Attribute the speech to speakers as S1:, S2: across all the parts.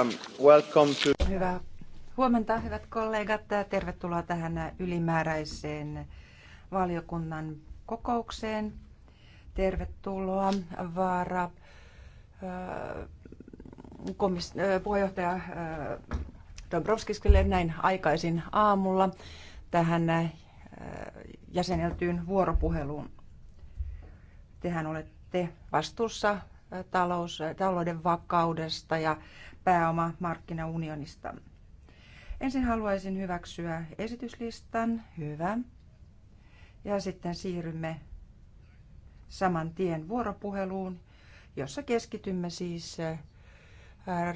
S1: Um, to... Hyvää
S2: huomenta, hyvät kollegat. Tervetuloa tähän ylimääräiseen valiokunnan kokoukseen. Tervetuloa vaara äh, komis- äh, puheenjohtaja äh, Dombrovskiskille näin aikaisin aamulla tähän jäseneltyyn vuoropuheluun. Tehän olette vastuussa talous, talouden vakaudesta ja Pääoma markkinaunionista. Ensin haluaisin hyväksyä esityslistan. Hyvä. Ja sitten siirrymme saman tien vuoropuheluun, jossa keskitymme siis äh,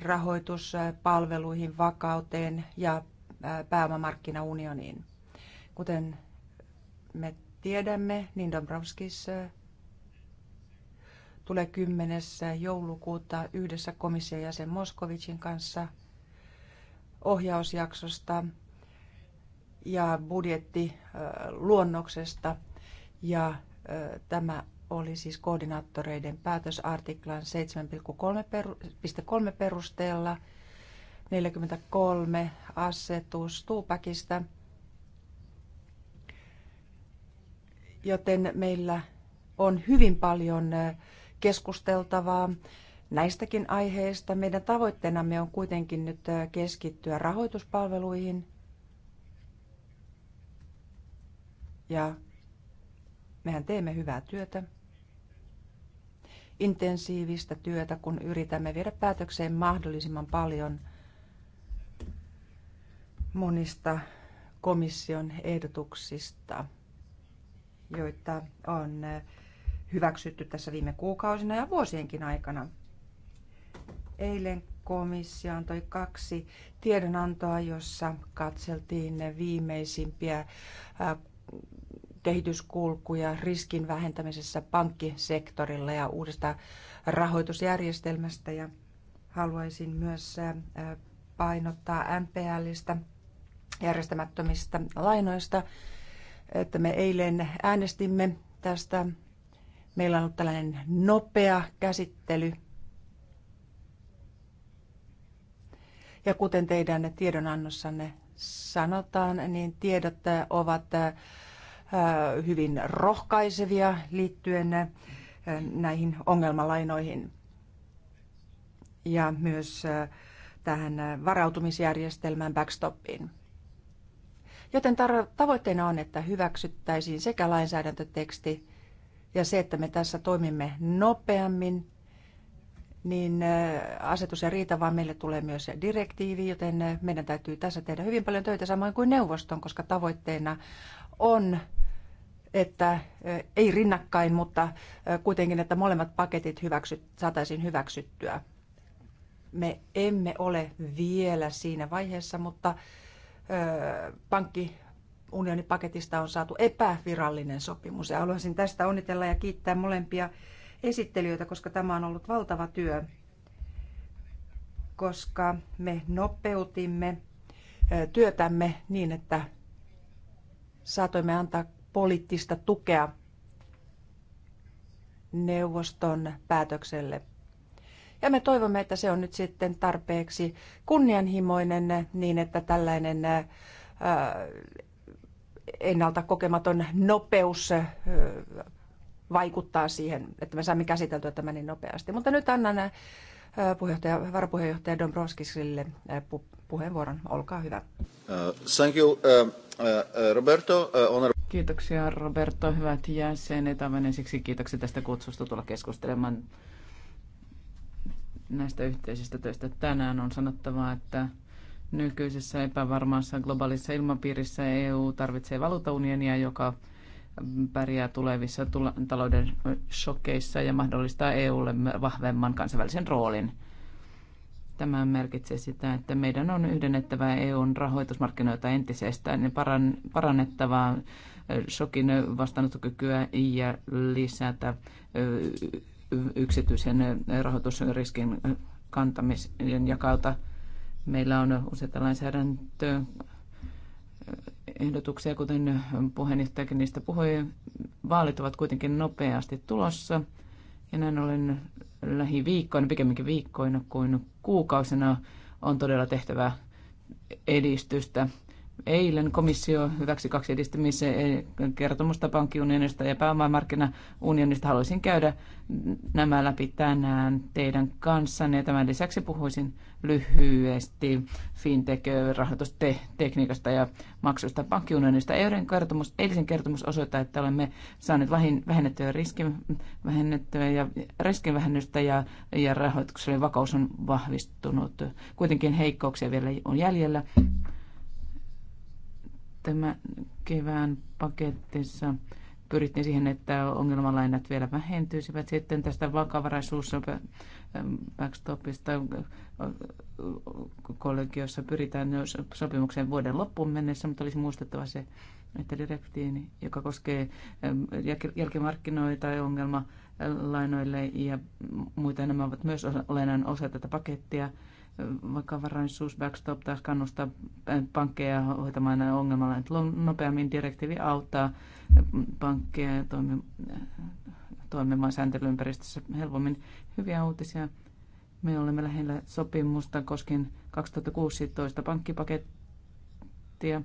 S2: rahoituspalveluihin, vakauteen ja äh, pääomamarkkinaunioniin. Kuten me tiedämme, niin Dombrovskis äh, tulee 10. joulukuuta yhdessä komission jäsen Moskovicin kanssa ohjausjaksosta ja budjettiluonnoksesta. Ja tämä oli siis koordinaattoreiden päätösartiklan 7.3 perusteella 43 asetus Tuupakista. Joten meillä on hyvin paljon keskusteltavaa näistäkin aiheista. Meidän tavoitteenamme on kuitenkin nyt keskittyä rahoituspalveluihin ja mehän teemme hyvää työtä, intensiivistä työtä, kun yritämme viedä päätökseen mahdollisimman paljon monista komission ehdotuksista, joita on hyväksytty tässä viime kuukausina ja vuosienkin aikana. Eilen komissio antoi kaksi tiedonantoa, jossa katseltiin viimeisimpiä kehityskulkuja riskin vähentämisessä pankkisektorilla ja uudesta rahoitusjärjestelmästä. Ja haluaisin myös painottaa MPListä järjestämättömistä lainoista, että me eilen äänestimme tästä Meillä on ollut tällainen nopea käsittely. Ja kuten teidän tiedonannossanne sanotaan, niin tiedot ovat äh, hyvin rohkaisevia liittyen äh, näihin ongelmalainoihin ja myös äh, tähän varautumisjärjestelmään backstopiin. Joten tavoitteena on, että hyväksyttäisiin sekä lainsäädäntöteksti ja se, että me tässä toimimme nopeammin, niin asetus ja riita vaan meille tulee myös direktiivi, joten meidän täytyy tässä tehdä hyvin paljon töitä samoin kuin neuvoston, koska tavoitteena on, että ei rinnakkain, mutta kuitenkin, että molemmat paketit hyväksyt, saataisiin hyväksyttyä. Me emme ole vielä siinä vaiheessa, mutta pankki unionipaketista on saatu epävirallinen sopimus. Ja haluaisin tästä onnitella ja kiittää molempia esittelijöitä, koska tämä on ollut valtava työ, koska me nopeutimme työtämme niin, että saatoimme antaa poliittista tukea neuvoston päätökselle. Ja me toivomme, että se on nyt sitten tarpeeksi kunnianhimoinen niin, että tällainen ennalta kokematon nopeus vaikuttaa siihen, että me saamme käsiteltyä tämän niin nopeasti. Mutta nyt annan puheenjohtaja, varapuheenjohtaja Dombrovskisille pu- puheenvuoron. Olkaa hyvä. Uh,
S3: thank you, uh, uh, uh Roberto. Uh, on... Kiitoksia Roberto, hyvät jäsenet. Aivan ensiksi kiitoksia tästä kutsusta tulla keskustelemaan näistä yhteisistä töistä tänään. On sanottava, että Nykyisessä epävarmassa globaalissa ilmapiirissä EU tarvitsee valuutaunionia, joka pärjää tulevissa talouden shokkeissa ja mahdollistaa EUlle vahvemman kansainvälisen roolin. Tämä merkitsee sitä, että meidän on yhdennettävä EUn rahoitusmarkkinoita entisestään ja parannettavaa shokin vastaanottokykyä ja lisätä yksityisen rahoitusriskin kantamisen ja kautta Meillä on useita lainsäädäntöä ehdotuksia, kuten puheenjohtajakin niistä puhui. Vaalit ovat kuitenkin nopeasti tulossa ja näin ollen lähiviikkoina, pikemminkin viikkoina kuin kuukausina on todella tehtävä edistystä Eilen komissio hyväksi kaksi edistämisen eh, kertomusta pankkiunionista ja pääomamarkkinaunionista. Haluaisin käydä nämä läpi tänään teidän kanssanne. Ja tämän lisäksi puhuisin lyhyesti fintech-rahoitustekniikasta ja maksusta pankkiunionista. Eilen kertomus, eilisen kertomus osoittaa, että olemme saaneet vähennettyä riskin, vähennettyä ja, riskin vähennystä ja, ja rahoituksen vakaus on vahvistunut. Kuitenkin heikkouksia vielä on jäljellä Tämä kevään paketissa pyrittiin siihen, että ongelmalainat vielä vähentyisivät. Sitten tästä vakavaraisuus ähm, backstopista äh, kollegiossa pyritään sopimukseen vuoden loppuun mennessä, mutta olisi muistettava se, että direktiini, joka koskee ähm, jälkimarkkinoita ja ongelmalainoille ja muita, nämä ovat myös olennainen osa tätä pakettia vakavaraisuus backstop taas kannustaa pankkeja hoitamaan ongelmalla nopeammin. Direktiivi auttaa pankkeja toimimaan sääntelyympäristössä helpommin. Hyviä uutisia. Me olemme lähellä sopimusta koskien 2016 pankkipakettia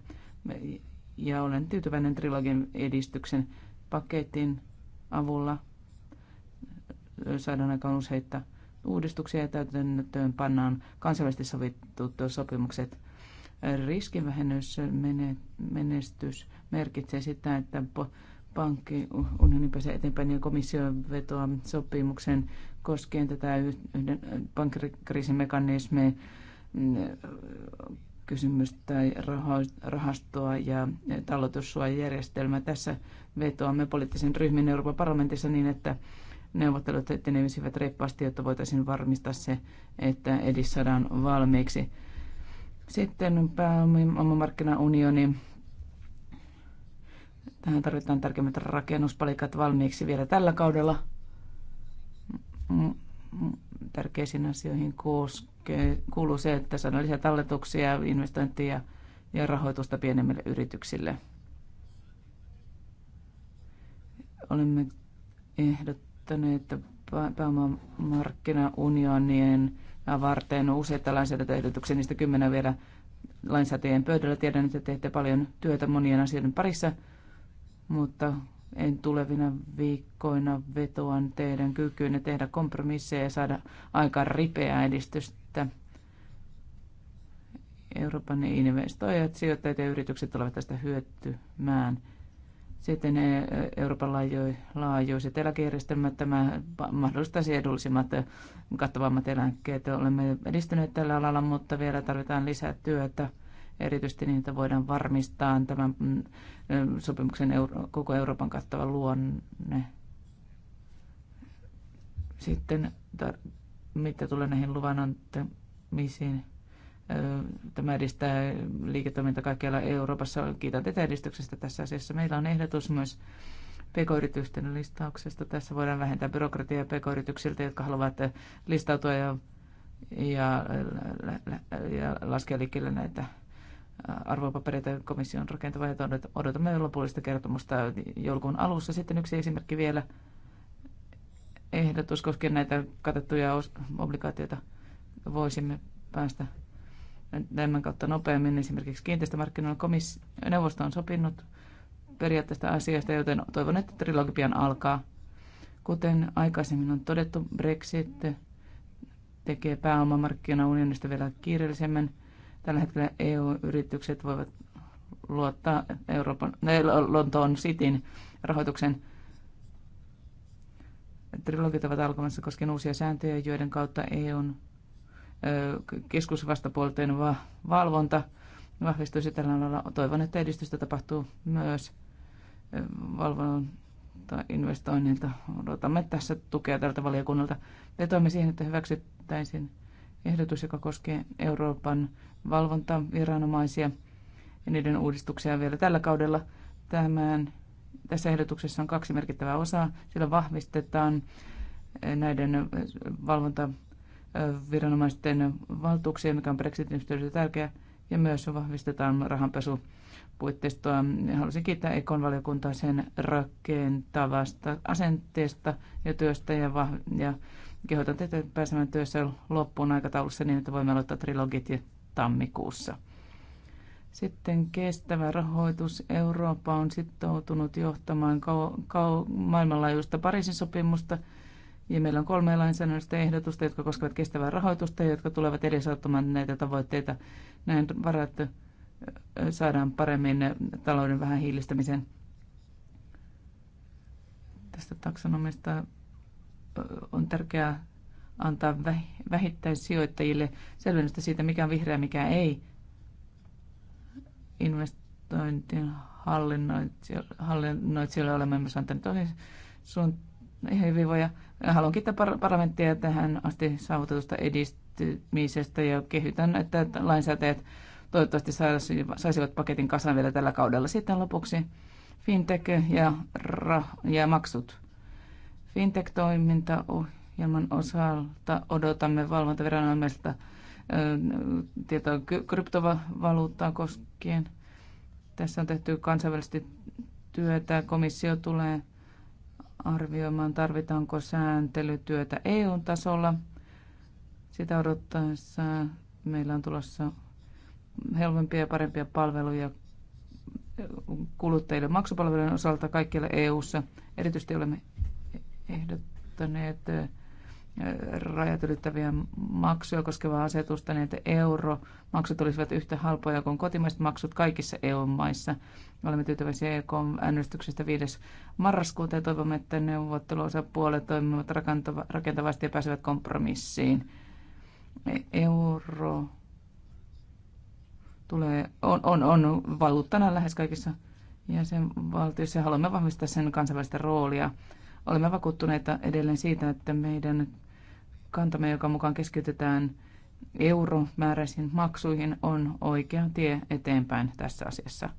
S3: ja olen tyytyväinen trilogin edistyksen paketin avulla saadaan aika useita uudistuksia ja täytäntöön pannaan kansainvälisesti sovittut sopimukset. menestys merkitsee sitä, että pankkiunioni pääsee eteenpäin ja komissio vetoa sopimuksen koskien tätä yhden pankkikriisimekanismia mm, kysymystä, rahastoa ja talletussuojajärjestelmä. Tässä vetoamme poliittisen ryhmän Euroopan parlamentissa niin, että neuvottelut etenevisivät reippaasti, jotta voitaisiin varmistaa se, että edis saadaan valmiiksi. Sitten pääomamarkkinaunioni. Tähän tarvitaan tärkeimmät rakennuspalikat valmiiksi vielä tällä kaudella. Tärkeisiin asioihin koskee, kuuluu se, että saadaan lisää talletuksia, investointia ja rahoitusta pienemmille yrityksille. Olemme ehdot että pääomamarkkinaunionien varten useita lainsäädäntöehdotuksia, niistä kymmenen vielä lainsäätäjien pöydällä. Tiedän, että teette paljon työtä monien asioiden parissa, mutta en tulevina viikkoina vetoan teidän kykyynne tehdä kompromisseja ja saada aika ripeää edistystä. Euroopan investoijat, sijoittajat ja yritykset tulevat tästä hyötymään. Sitten Euroopan laajo- laajuiset eläkejärjestelmät, tämä mahdollistaisi edullisimmat, kattavammat eläkkeet. Olemme edistyneet tällä alalla, mutta vielä tarvitaan lisää työtä. Erityisesti niitä voidaan varmistaa tämän mm, sopimuksen koko Euroopan kattava luonne. Sitten mitä tulee näihin luvanantamisiin? Tämä edistää liiketoimintaa kaikkialla Euroopassa. Kiitän teitä edistyksestä tässä asiassa. Meillä on ehdotus myös pk-yritysten listauksesta. Tässä voidaan vähentää byrokratiaa pk-yrityksiltä, jotka haluavat listautua ja, ja, ja laskea liikkeelle näitä arvopapereita komission rakentavaa. odotamme lopullista kertomusta joulukuun alussa. Sitten yksi esimerkki vielä ehdotus koskien näitä katettuja obligaatioita. Voisimme päästä tämän kautta nopeammin. Esimerkiksi kiinteistömarkkinoilla komis- neuvosto on sopinut periaatteesta asiasta, joten toivon, että trilogi pian alkaa. Kuten aikaisemmin on todettu, Brexit tekee pääomamarkkinaunionista vielä kiireellisemmän. Tällä hetkellä EU-yritykset voivat luottaa Euroopan, ne, Lontoon Cityn rahoituksen trilogit ovat alkamassa koskien uusia sääntöjä, joiden kautta EUn keskusvastapuolten valvonta vahvistuisi tällä alalla. Toivon, että edistystä tapahtuu myös valvonnan tai investoinnilta. Odotamme tässä tukea tältä valiokunnalta. Vetoamme siihen, että hyväksyttäisiin ehdotus, joka koskee Euroopan valvontaviranomaisia ja niiden uudistuksia vielä tällä kaudella. Tämän, tässä ehdotuksessa on kaksi merkittävää osaa. Sillä vahvistetaan näiden valvonta viranomaisten valtuuksia, mikä on Brexitin yhteydessä tärkeä, ja myös vahvistetaan rahanpesu puitteistoa. Haluaisin kiittää Ekon valiokuntaa sen rakentavasta asenteesta ja työstä ja, vah- ja kehotan teitä pääsemään työssä loppuun aikataulussa niin, että voimme aloittaa trilogit tammikuussa. Sitten kestävä rahoitus. Eurooppa on sitoutunut johtamaan kau- kau- maailmanlaajuista Pariisin sopimusta – ja meillä on kolme lainsäädännöllistä ehdotusta, jotka koskevat kestävää rahoitusta ja jotka tulevat edesauttamaan näitä tavoitteita. Näin varat saadaan paremmin talouden vähän hiilistämisen tästä taksonomista on tärkeää antaa vähittäissijoittajille selvennystä siitä, mikä on vihreä, mikä ei. Investointien hallinnoitsijoille olemme myös antaneet hyvinvoja Haluan kiittää parlamenttia tähän asti saavutetusta edistymisestä ja kehytän, että lainsäätäjät toivottavasti saisivat paketin kasan vielä tällä kaudella. Sitten lopuksi fintech ja, ra- ja maksut. Fintech-toimintaohjelman osalta odotamme valvontaviranomaisilta tietoa kryptovaluuttaa koskien. Tässä on tehty kansainvälisesti työtä. Komissio tulee arvioimaan, tarvitaanko sääntelytyötä EU-tasolla. Sitä odottaessa meillä on tulossa helpompia ja parempia palveluja kuluttajille maksupalvelujen osalta kaikkialla EU-ssa. Erityisesti olemme ehdottaneet rajat ylittäviä maksuja koskevaa asetusta, niin että euromaksut olisivat yhtä halpoja kuin kotimaiset maksut kaikissa EU-maissa. Olemme tyytyväisiä EK-äänestyksestä 5. marraskuuta ja toivomme, että neuvotteluosapuolet toimivat rakentavasti ja pääsevät kompromissiin. Euro tulee, on, on, on valuuttana lähes kaikissa jäsenvaltioissa ja haluamme vahvistaa sen kansainvälistä roolia. Olemme vakuuttuneita edelleen siitä, että meidän kantamme, joka mukaan keskitytään euromääräisiin maksuihin, on oikea tie eteenpäin tässä asiassa.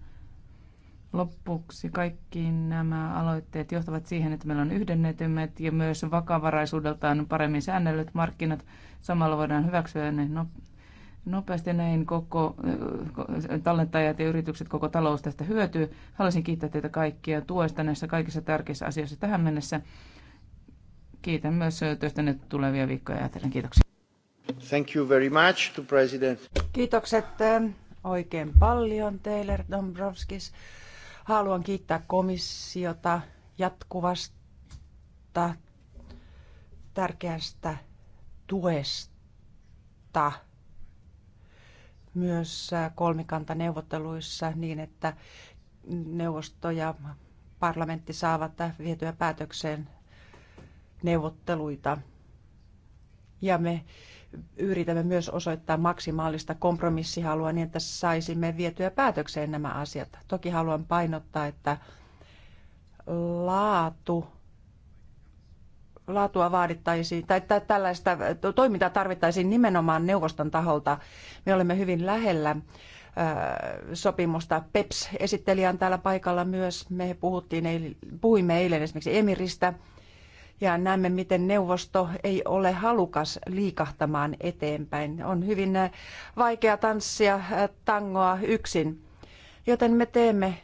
S3: Lopuksi kaikki nämä aloitteet johtavat siihen, että meillä on yhdennetymät ja myös vakavaraisuudeltaan paremmin säännellyt markkinat. Samalla voidaan hyväksyä ne nopeasti näin koko tallentajat ja yritykset, koko talous tästä hyötyy. Haluaisin kiittää teitä kaikkia tuesta näissä kaikissa tärkeissä asioissa tähän mennessä kiitän myös työstänne tulevia viikkoja ajatellen. Kiitoksia.
S1: Thank you very much to President.
S3: Kiitokset ähm, oikein paljon teille, Dombrovskis.
S2: Haluan kiittää komissiota jatkuvasta tärkeästä tuesta myös äh, kolmikantaneuvotteluissa niin, että neuvosto ja parlamentti saavat äh, vietyä päätökseen neuvotteluita. Ja me yritämme myös osoittaa maksimaalista kompromissihalua niin, että saisimme vietyä päätökseen nämä asiat. Toki haluan painottaa, että laatu, laatua vaadittaisiin, tai tällaista toimintaa tarvittaisiin nimenomaan neuvoston taholta. Me olemme hyvin lähellä äh, sopimusta. PEPS-esittelijä on täällä paikalla myös. Me puhuttiin, puhuimme eilen esimerkiksi Emiristä – ja näemme, miten neuvosto ei ole halukas liikahtamaan eteenpäin. On hyvin äh, vaikea tanssia äh, tangoa yksin, joten me teemme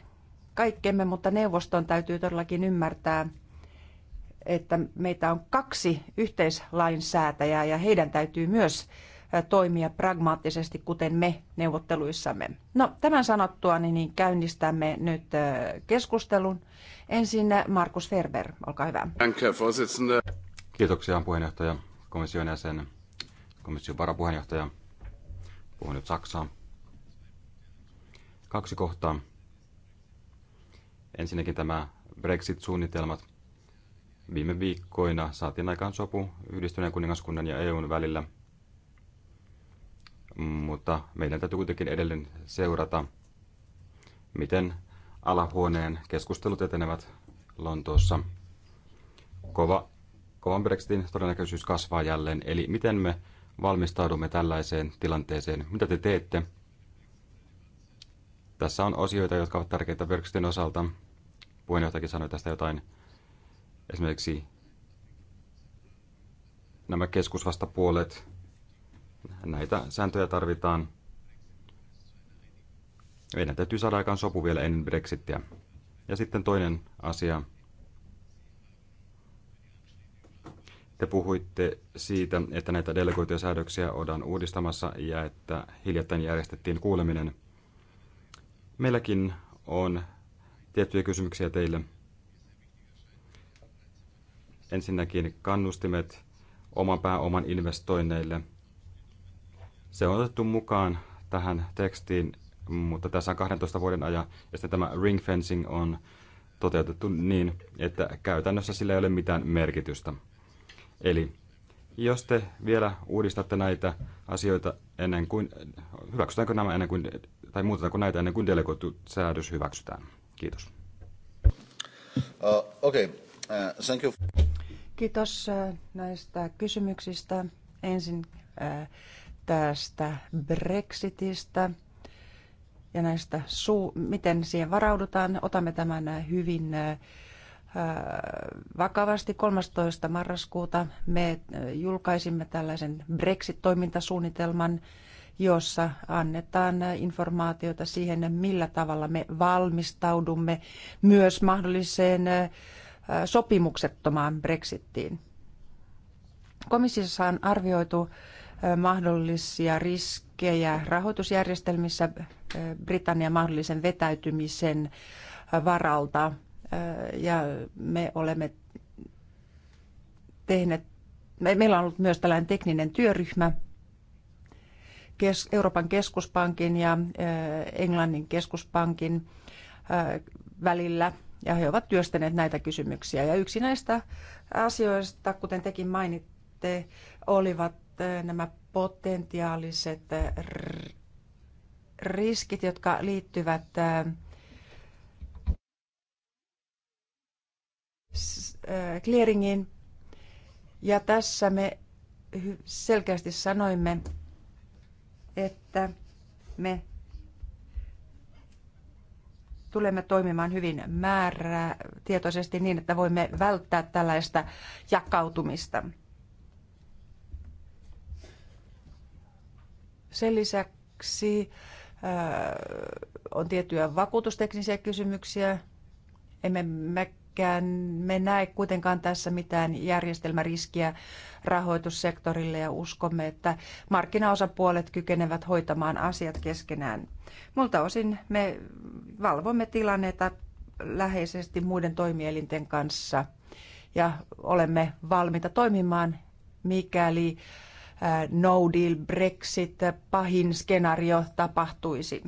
S2: kaikkemme, mutta neuvoston täytyy todellakin ymmärtää, että meitä on kaksi yhteislainsäätäjää ja heidän täytyy myös toimia pragmaattisesti, kuten me neuvotteluissamme. No, tämän sanottua niin, niin käynnistämme nyt keskustelun. Ensin Markus Ferber, olkaa hyvä.
S4: Kiitoksia puheenjohtaja, komission jäsen, komission varapuheenjohtaja. Puhun nyt Saksaa. Kaksi kohtaa. Ensinnäkin tämä Brexit-suunnitelmat. Viime viikkoina saatiin aikaan sopu yhdistyneen kuningaskunnan ja EUn välillä – mutta meidän täytyy kuitenkin edelleen seurata, miten alahuoneen keskustelut etenevät Lontoossa. Kova, kovan Brexitin todennäköisyys kasvaa jälleen, eli miten me valmistaudumme tällaiseen tilanteeseen? Mitä te teette? Tässä on osioita, jotka ovat tärkeitä Brexitin osalta. Puheenjohtajakin sanoi tästä jotain. Esimerkiksi nämä keskusvastapuolet, Näitä sääntöjä tarvitaan. Meidän täytyy saada aikaan sopu vielä ennen Brexittiä. Ja sitten toinen asia. Te puhuitte siitä, että näitä delegoituja säädöksiä odan uudistamassa ja että hiljattain järjestettiin kuuleminen. Meilläkin on tiettyjä kysymyksiä teille. Ensinnäkin kannustimet oman pääoman investoinneille – se on otettu mukaan tähän tekstiin, mutta tässä on 12 vuoden ajan. Ja sitten tämä ring fencing on toteutettu niin, että käytännössä sillä ei ole mitään merkitystä. Eli jos te vielä uudistatte näitä asioita ennen kuin, hyväksytäänkö nämä ennen kuin, tai muutetaanko näitä ennen kuin delegoitu säädös hyväksytään? Kiitos.
S1: Uh, okay. uh, thank you.
S2: Kiitos uh, näistä kysymyksistä. Ensin uh, tästä Brexitistä ja näistä su miten siihen varaudutaan. Otamme tämän hyvin äh, vakavasti. 13. marraskuuta me äh, julkaisimme tällaisen Brexit-toimintasuunnitelman, jossa annetaan äh, informaatiota siihen, millä tavalla me valmistaudumme myös mahdolliseen sopimuksettomaan Brexittiin. Komissiossa on arvioitu mahdollisia riskejä rahoitusjärjestelmissä Britannian mahdollisen vetäytymisen varalta. Ja me olemme tehneet, meillä on ollut myös tällainen tekninen työryhmä Euroopan keskuspankin ja Englannin keskuspankin välillä ja he ovat työstäneet näitä kysymyksiä. Ja yksi näistä asioista, kuten tekin mainitte, olivat nämä potentiaaliset riskit, jotka liittyvät äh, äh, clearingiin. Ja tässä me selkeästi sanoimme, että me tulemme toimimaan hyvin määrää tietoisesti niin, että voimme välttää tällaista jakautumista. Sen lisäksi äh, on tiettyjä vakuutusteknisiä kysymyksiä. Emme mekään, me näe kuitenkaan tässä mitään järjestelmäriskiä rahoitussektorille ja uskomme, että markkinaosapuolet kykenevät hoitamaan asiat keskenään. Multa osin me valvomme tilannetta läheisesti muiden toimielinten kanssa ja olemme valmiita toimimaan, mikäli Äh, no deal Brexit, pahin skenaario tapahtuisi.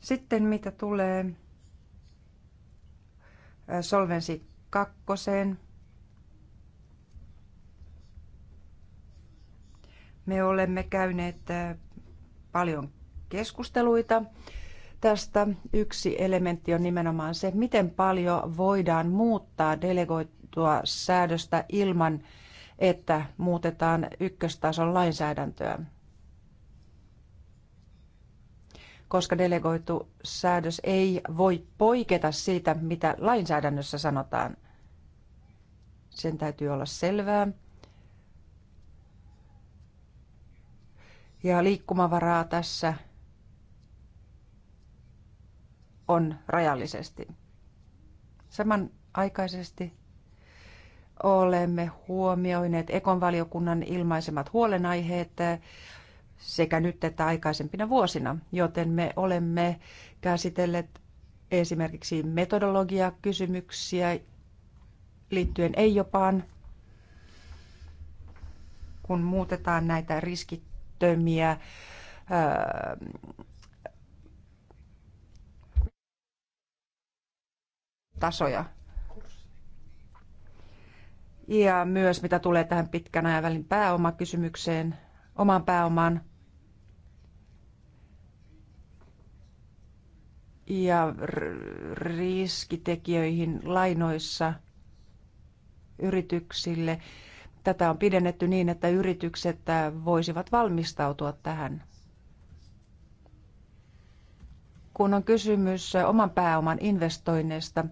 S2: Sitten mitä tulee äh, Solvensi kakkoseen, me olemme käyneet äh, paljon keskusteluita tästä. Yksi elementti on nimenomaan se, miten paljon voidaan muuttaa delegoitua säädöstä ilman että muutetaan ykköstason lainsäädäntöä. Koska delegoitu säädös ei voi poiketa siitä, mitä lainsäädännössä sanotaan. Sen täytyy olla selvää. Ja liikkumavaraa tässä on rajallisesti. Samanaikaisesti olemme huomioineet Ekon valiokunnan ilmaisemat huolenaiheet sekä nyt että aikaisempina vuosina, joten me olemme käsitelleet esimerkiksi metodologiakysymyksiä liittyen ei jopaan, kun muutetaan näitä riskittömiä tasoja ja myös mitä tulee tähän pitkän ajavälin pääomakysymykseen, oman pääoman Ja riskitekijöihin lainoissa yrityksille. Tätä on pidennetty niin, että yritykset äh, voisivat valmistautua tähän kun on kysymys äh, oman pääoman investoinneista,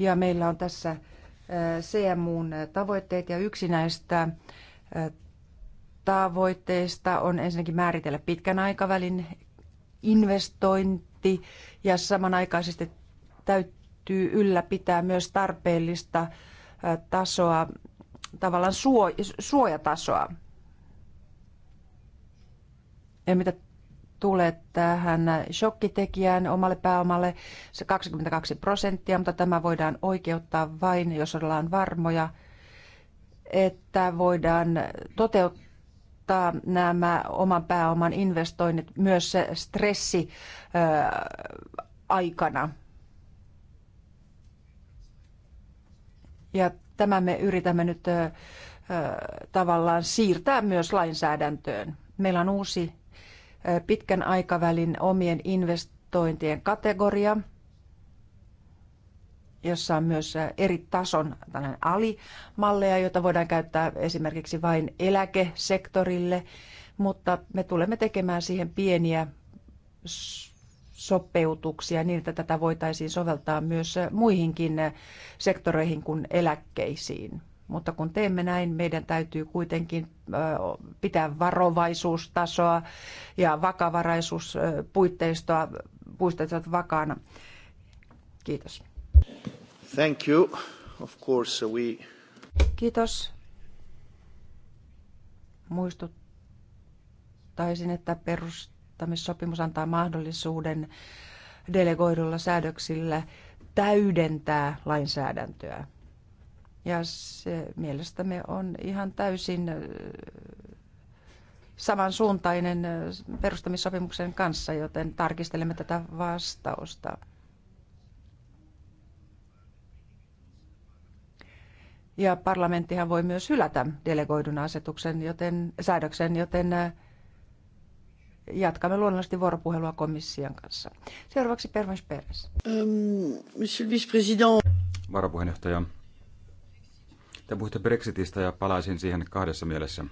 S2: Ja meillä on tässä äh, CMUn äh, tavoitteet ja yksi näistä äh, tavoitteista on ensinnäkin määritellä pitkän aikavälin investointi ja samanaikaisesti täytyy ylläpitää myös tarpeellista tasoa, tavallaan suo, suojatasoa. Ja mitä tule tähän shokkitekijään omalle pääomalle, se 22 prosenttia, mutta tämä voidaan oikeuttaa vain, jos ollaan varmoja, että voidaan toteuttaa nämä oman pääoman investoinnit myös stressi aikana. Ja tämä me yritämme nyt tavallaan siirtää myös lainsäädäntöön. Meillä on uusi pitkän aikavälin omien investointien kategoria, jossa on myös eri tason alimalleja, joita voidaan käyttää esimerkiksi vain eläkesektorille, mutta me tulemme tekemään siihen pieniä sopeutuksia niin, että tätä voitaisiin soveltaa myös muihinkin sektoreihin kuin eläkkeisiin. Mutta kun teemme näin, meidän täytyy kuitenkin pitää varovaisuustasoa ja vakavaraisuuspuitteistoa puisteistot vakaana. Kiitos.
S1: Thank you. Of course we...
S2: Kiitos. Muistuttaisin, että perustamissopimus antaa mahdollisuuden delegoidulla säädöksillä täydentää lainsäädäntöä. Ja se mielestämme on ihan täysin samansuuntainen perustamissopimuksen kanssa, joten tarkistelemme tätä vastausta. Ja parlamenttihan voi myös hylätä delegoidun asetuksen, joten, säädöksen, joten jatkamme luonnollisesti vuoropuhelua komission kanssa. Seuraavaksi Pervans Peres. Um, ähm, monsieur vice president.
S4: Varapuheenjohtaja, te puhutte Brexitistä ja palaisin siihen kahdessa mielessä.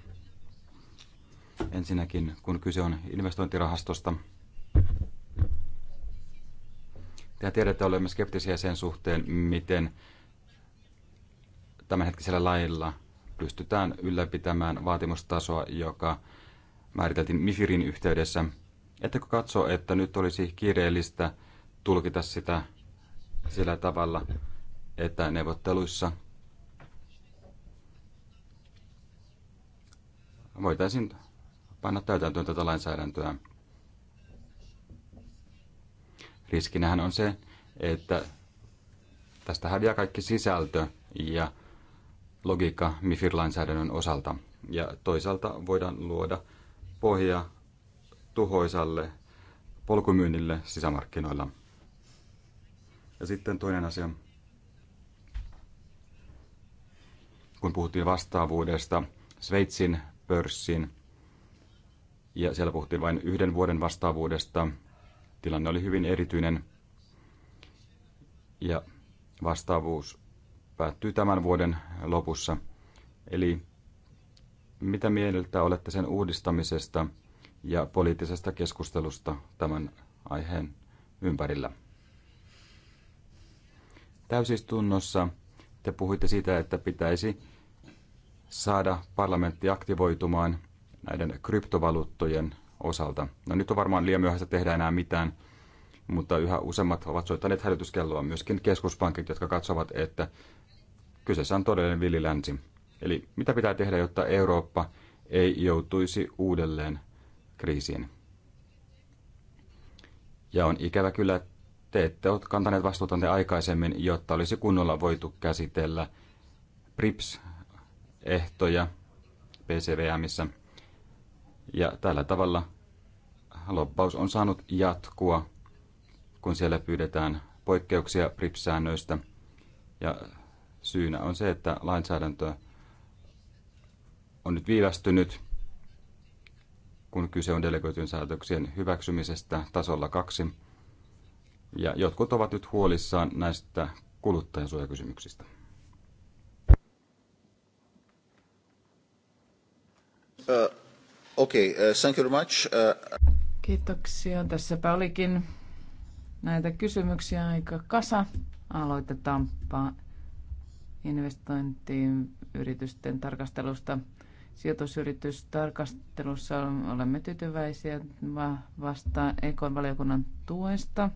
S4: Ensinnäkin, kun kyse on investointirahastosta. Te tiedätte, olemme skeptisiä sen suhteen, miten tämänhetkisellä lailla pystytään ylläpitämään vaatimustasoa, joka määriteltiin MIFIRin yhteydessä. Ettekö katso, että nyt olisi kiireellistä tulkita sitä sillä tavalla, että neuvotteluissa – voitaisiin panna täytäntöön tätä lainsäädäntöä. Riskinähän on se, että tästä häviää kaikki sisältö ja logiikka MIFIR-lainsäädännön osalta. Ja toisaalta voidaan luoda pohja tuhoisalle polkumyynnille sisämarkkinoilla. Ja sitten toinen asia. Kun puhuttiin vastaavuudesta Sveitsin pörssiin. Ja siellä puhuttiin vain yhden vuoden vastaavuudesta. Tilanne oli hyvin erityinen. Ja vastaavuus päättyy tämän vuoden lopussa. Eli mitä mieltä olette sen uudistamisesta ja poliittisesta keskustelusta tämän aiheen ympärillä? Täysistunnossa te puhuitte siitä, että pitäisi saada parlamentti aktivoitumaan näiden kryptovaluuttojen osalta. No nyt on varmaan liian myöhäistä tehdä enää mitään, mutta yhä useammat ovat soittaneet hälytyskelloa, myöskin keskuspankit, jotka katsovat, että kyseessä on todellinen villilänsi. Eli mitä pitää tehdä, jotta Eurooppa ei joutuisi uudelleen kriisiin? Ja on ikävä kyllä, te ette ole kantaneet vastuutanne aikaisemmin, jotta olisi kunnolla voitu käsitellä PRIPS ehtoja PCVMissä. Ja tällä tavalla loppaus on saanut jatkua, kun siellä pyydetään poikkeuksia PRIP-säännöistä. Ja syynä on se, että lainsäädäntö on nyt viivästynyt, kun kyse on delegoitujen säädöksien hyväksymisestä tasolla kaksi. Ja jotkut ovat nyt huolissaan näistä kuluttajansuojakysymyksistä.
S1: Uh, okay, uh, thank you very much. Uh...
S3: Kiitoksia. Tässäpä olikin näitä kysymyksiä aika kasa. Aloitetaanpa investointiin yritysten tarkastelusta. Sijoitusyritystarkastelussa olemme tyytyväisiä vasta Ekon valiokunnan tuesta.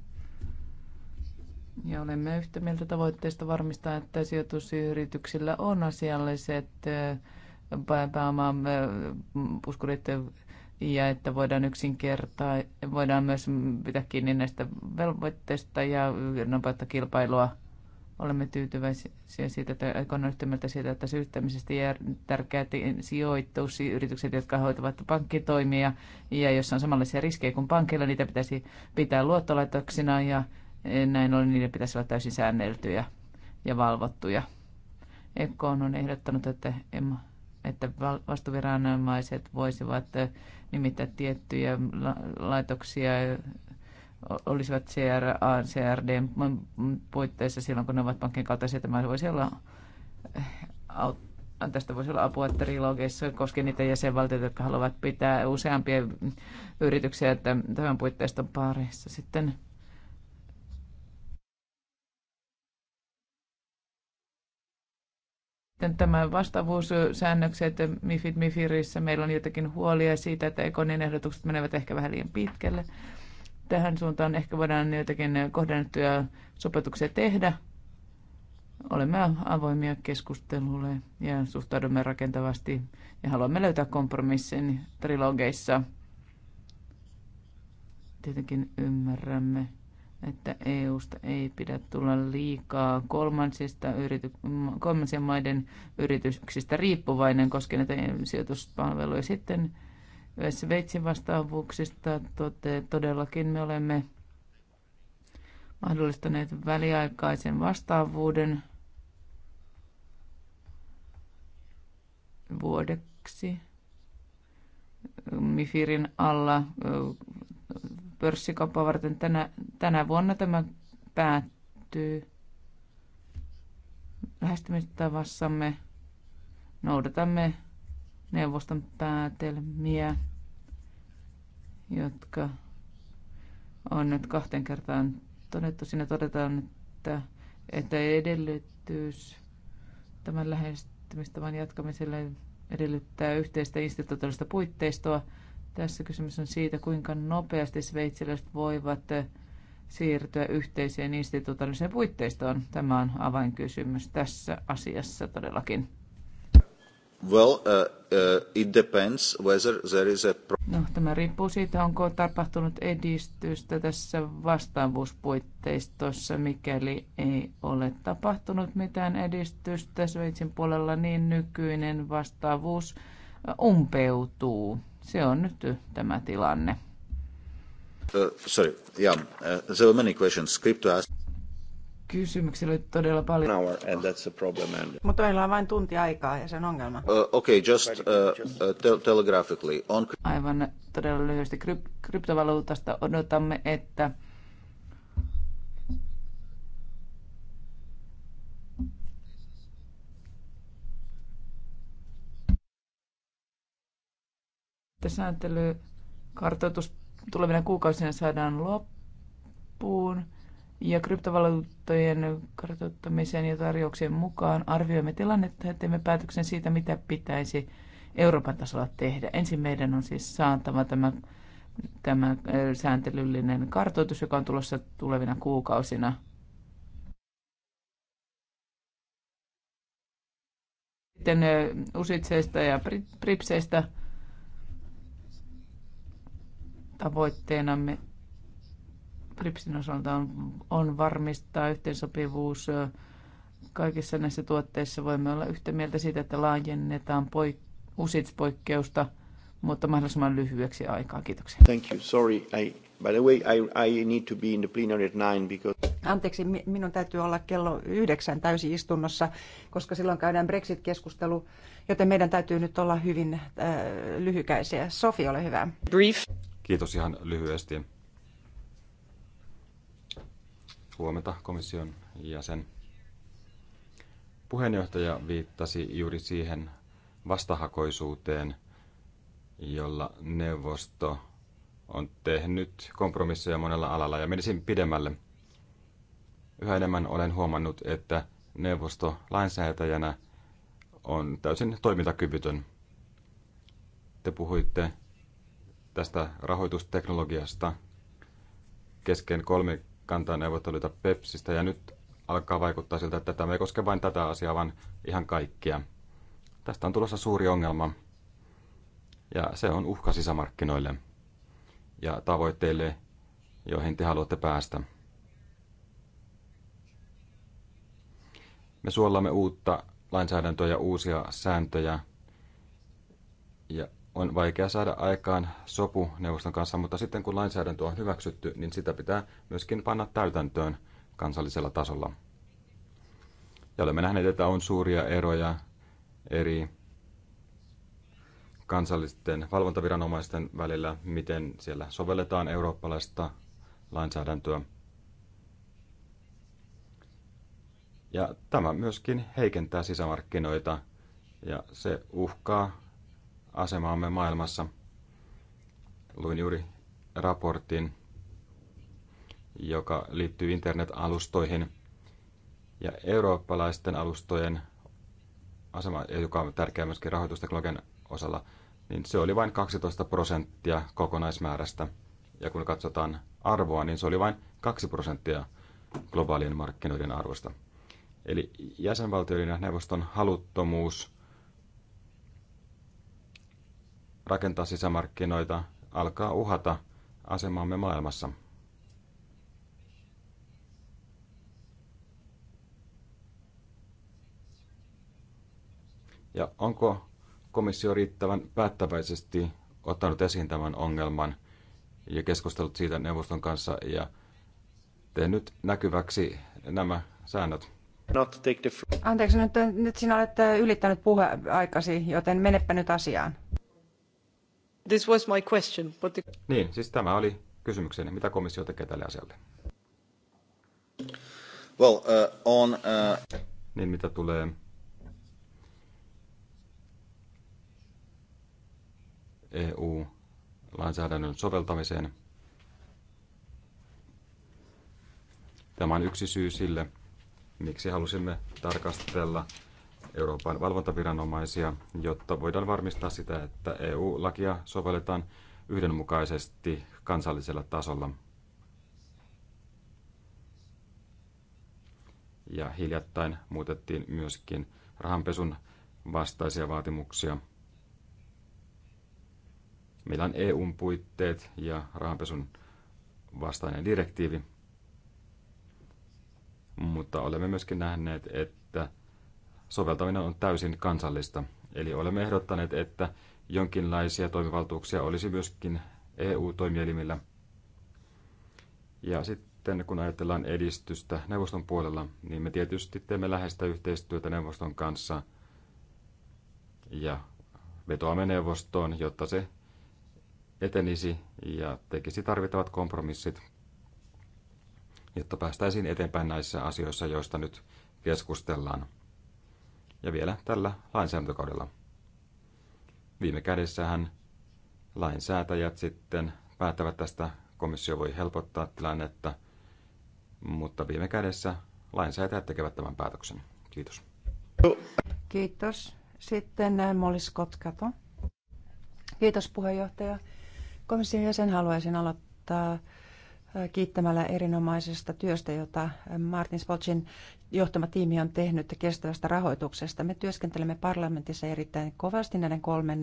S3: Ja olemme yhtä mieltä tavoitteesta varmistaa, että sijoitusyrityksillä on asialliset pääomaa puskurit ja että voidaan yksinkertaa, voidaan myös pitää kiinni näistä velvoitteista ja nopeutta kilpailua. Olemme tyytyväisiä siitä, että on siitä, että jää tärkeää sijoittuus yritykset, jotka hoitavat pankkitoimia ja jossa on samanlaisia riskejä kuin pankilla, niitä pitäisi pitää luottolaitoksina ja näin ollen niiden pitäisi olla täysin säänneltyjä ja valvottuja. Ekon on ehdottanut, että että vastuviranomaiset voisivat nimittää tiettyjä laitoksia, olisivat CRA, CRD puitteissa silloin, kun ne ovat pankin kaltaisia. Tämä voisi olla tästä voisi olla apua trilogeissa koskien niitä jäsenvaltioita, jotka haluavat pitää useampia yrityksiä tämän puitteiston parissa. Sitten Sitten tämä vastavuussäännökset MIFID MIFIRissä. Meillä on jotakin huolia siitä, että Ekonin ehdotukset menevät ehkä vähän liian pitkälle. Tähän suuntaan ehkä voidaan jotakin kohdennettuja sopetuksia tehdä. Olemme avoimia keskustelulle ja suhtaudumme rakentavasti ja haluamme löytää kompromissin trilogeissa. Tietenkin ymmärrämme että EUsta ei pidä tulla liikaa kolmansista yrity- kolmansien maiden yrityksistä riippuvainen koskien näitä sijoituspalveluja. Sitten Sveitsin vastaavuuksista tote, todellakin me olemme mahdollistaneet väliaikaisen vastaavuuden vuodeksi. Mifirin alla pörssikauppaa varten tänä, tänä vuonna tämä päättyy. Lähestymistavassamme noudatamme neuvoston päätelmiä, jotka on nyt kahteen kertaan todettu. Siinä todetaan, että, että edellytys tämän lähestymistavan jatkamiselle edellyttää yhteistä instituutiollista puitteistoa – tässä kysymys on siitä, kuinka nopeasti sveitsiläiset voivat eh, siirtyä yhteiseen instituutioiden puitteistoon. Tämä on avainkysymys tässä asiassa todellakin.
S1: Well, uh, uh, it depends whether there is a...
S3: No, tämä riippuu siitä, onko tapahtunut edistystä tässä vastaavuuspuitteistossa. Mikäli ei ole tapahtunut mitään edistystä Sveitsin puolella, niin nykyinen vastaavuus eh, umpeutuu. Se on nyt tämä tilanne.
S1: Uh, sorry, yeah, uh, there were many questions. Script to
S3: Kysymyksiä oli todella
S1: paljon. An hour and that's a problem. And...
S3: Mutta meillä on vain tunti aikaa ja se on ongelma.
S1: Uh, okay, just uh, uh te- telegraphically. On...
S3: Aivan todella lyhyesti kryp- kryptovaluutasta odotamme, että että sääntelykartoitus tulevina kuukausina saadaan loppuun ja kryptovaluuttojen kartoittamisen ja tarjouksien mukaan arvioimme tilannetta ja teemme päätöksen siitä, mitä pitäisi Euroopan tasolla tehdä. Ensin meidän on siis saatava tämä, tämä äh, sääntelyllinen kartoitus, joka on tulossa tulevina kuukausina. Sitten äh, usitseista ja pripseistä tavoitteenamme Pripsin osalta on, on varmistaa yhteensopivuus kaikissa näissä tuotteissa. Voimme olla yhtä mieltä siitä, että laajennetaan poik- usitspoikkeusta, mutta mahdollisimman lyhyeksi aikaa. Kiitoksia.
S1: Thank you. Sorry, I, by the way, I, I need to be in the plenary at nine because...
S3: Anteeksi, minun täytyy olla kello
S2: yhdeksän täysistunnossa, koska silloin käydään Brexit-keskustelu, joten meidän täytyy nyt olla hyvin äh, lyhykäisiä. Sofi, ole hyvä. Brief.
S4: Kiitos ihan lyhyesti. Huomenta komission jäsen. Puheenjohtaja viittasi juuri siihen vastahakoisuuteen, jolla neuvosto on tehnyt kompromisseja monella alalla ja menisin pidemmälle. Yhä enemmän olen huomannut, että neuvosto lainsäätäjänä on täysin toimintakyvytön. Te puhuitte tästä rahoitusteknologiasta kesken kolme kantaa neuvotteluita Pepsistä ja nyt alkaa vaikuttaa siltä, että tämä ei koske vain tätä asiaa, vaan ihan kaikkia. Tästä on tulossa suuri ongelma ja se on uhka sisämarkkinoille ja tavoitteille, joihin te haluatte päästä. Me suollamme uutta lainsäädäntöä ja uusia sääntöjä ja on vaikea saada aikaan sopu neuvoston kanssa, mutta sitten kun lainsäädäntö on hyväksytty, niin sitä pitää myöskin panna täytäntöön kansallisella tasolla. Ja olemme nähneet, että on suuria eroja eri kansallisten valvontaviranomaisten välillä, miten siellä sovelletaan eurooppalaista lainsäädäntöä. Ja tämä myöskin heikentää sisämarkkinoita ja se uhkaa asemaamme maailmassa. Luin juuri raportin, joka liittyy internet-alustoihin ja eurooppalaisten alustojen asema, joka on tärkeää myöskin rahoitusteknologian osalla, niin se oli vain 12 prosenttia kokonaismäärästä. Ja kun katsotaan arvoa, niin se oli vain 2 prosenttia globaalien markkinoiden arvosta. Eli jäsenvaltioiden ja neuvoston haluttomuus rakentaa sisämarkkinoita alkaa uhata asemaamme maailmassa. Ja onko komissio riittävän päättäväisesti ottanut esiin tämän ongelman ja keskustellut siitä neuvoston kanssa ja tehnyt näkyväksi nämä säännöt?
S2: Anteeksi, nyt, nyt sinä olet äh, ylittänyt puheaikasi, joten menepä nyt asiaan. This was my question, but the...
S4: Niin, siis tämä oli kysymykseni. Mitä komissio tekee tälle asialle?
S1: Well, uh, on, uh...
S4: Niin mitä tulee EU-lainsäädännön soveltamiseen. Tämä on yksi syy sille, miksi halusimme tarkastella Euroopan valvontaviranomaisia, jotta voidaan varmistaa sitä, että EU-lakia sovelletaan yhdenmukaisesti kansallisella tasolla. Ja hiljattain muutettiin myöskin rahanpesun vastaisia vaatimuksia. Meillä on EUn puitteet ja rahanpesun vastainen direktiivi, mutta olemme myöskin nähneet, että soveltaminen on täysin kansallista. Eli olemme ehdottaneet, että jonkinlaisia toimivaltuuksia olisi myöskin EU-toimielimillä. Ja sitten kun ajatellaan edistystä neuvoston puolella, niin me tietysti teemme läheistä yhteistyötä neuvoston kanssa ja vetoamme neuvostoon, jotta se etenisi ja tekisi tarvittavat kompromissit, jotta päästäisiin eteenpäin näissä asioissa, joista nyt keskustellaan ja vielä tällä lainsäädäntökaudella. Viime kädessähän lainsäätäjät sitten päättävät tästä, komissio voi helpottaa tilannetta, mutta viime kädessä lainsäätäjät tekevät tämän päätöksen. Kiitos.
S2: Kiitos. Sitten äh, Molly Scott Kato. Kiitos puheenjohtaja. Komission jäsen haluaisin aloittaa kiittämällä erinomaisesta työstä, jota Martin Spolchin johtama tiimi on tehnyt kestävästä rahoituksesta. Me työskentelemme parlamentissa erittäin kovasti näiden kolmen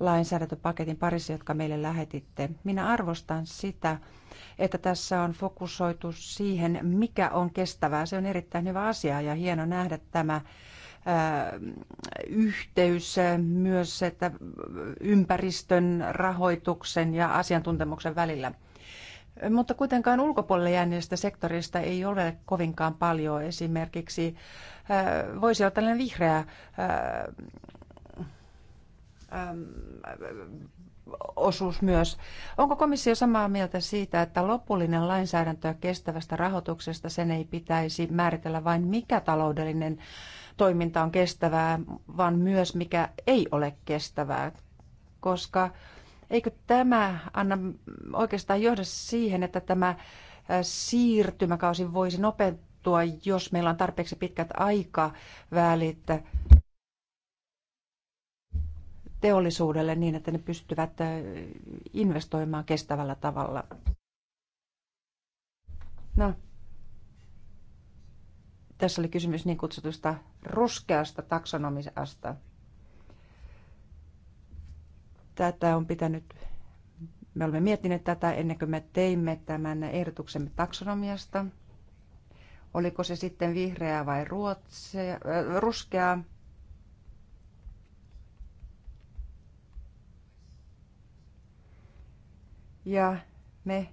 S2: lainsäädäntöpaketin parissa, jotka meille lähetitte. Minä arvostan sitä, että tässä on fokusoitu siihen, mikä on kestävää. Se on erittäin hyvä asia ja hieno nähdä tämä äh, yhteys äh, myös että ympäristön rahoituksen ja asiantuntemuksen välillä – mutta kuitenkaan ulkopuolelle jääneestä sektorista ei ole kovinkaan paljon. Esimerkiksi äh, voisi olla tällainen vihreä äh, ähm, osuus myös. Onko komissio samaa mieltä siitä, että lopullinen lainsäädäntö kestävästä rahoituksesta sen ei pitäisi määritellä vain mikä taloudellinen toiminta on kestävää, vaan myös mikä ei ole kestävää, koska Eikö tämä anna oikeastaan johda siihen, että tämä siirtymäkausi voisi nopeutua, jos meillä on tarpeeksi pitkät aikavälit teollisuudelle niin, että ne pystyvät investoimaan kestävällä tavalla? No, tässä oli kysymys niin kutsutusta ruskeasta taksonomisesta – Tätä on pitänyt, me olemme miettineet tätä ennen kuin me teimme tämän ehdotuksemme taksonomiasta. Oliko se sitten vihreää vai ruotsia, äh, ruskeaa? Ja me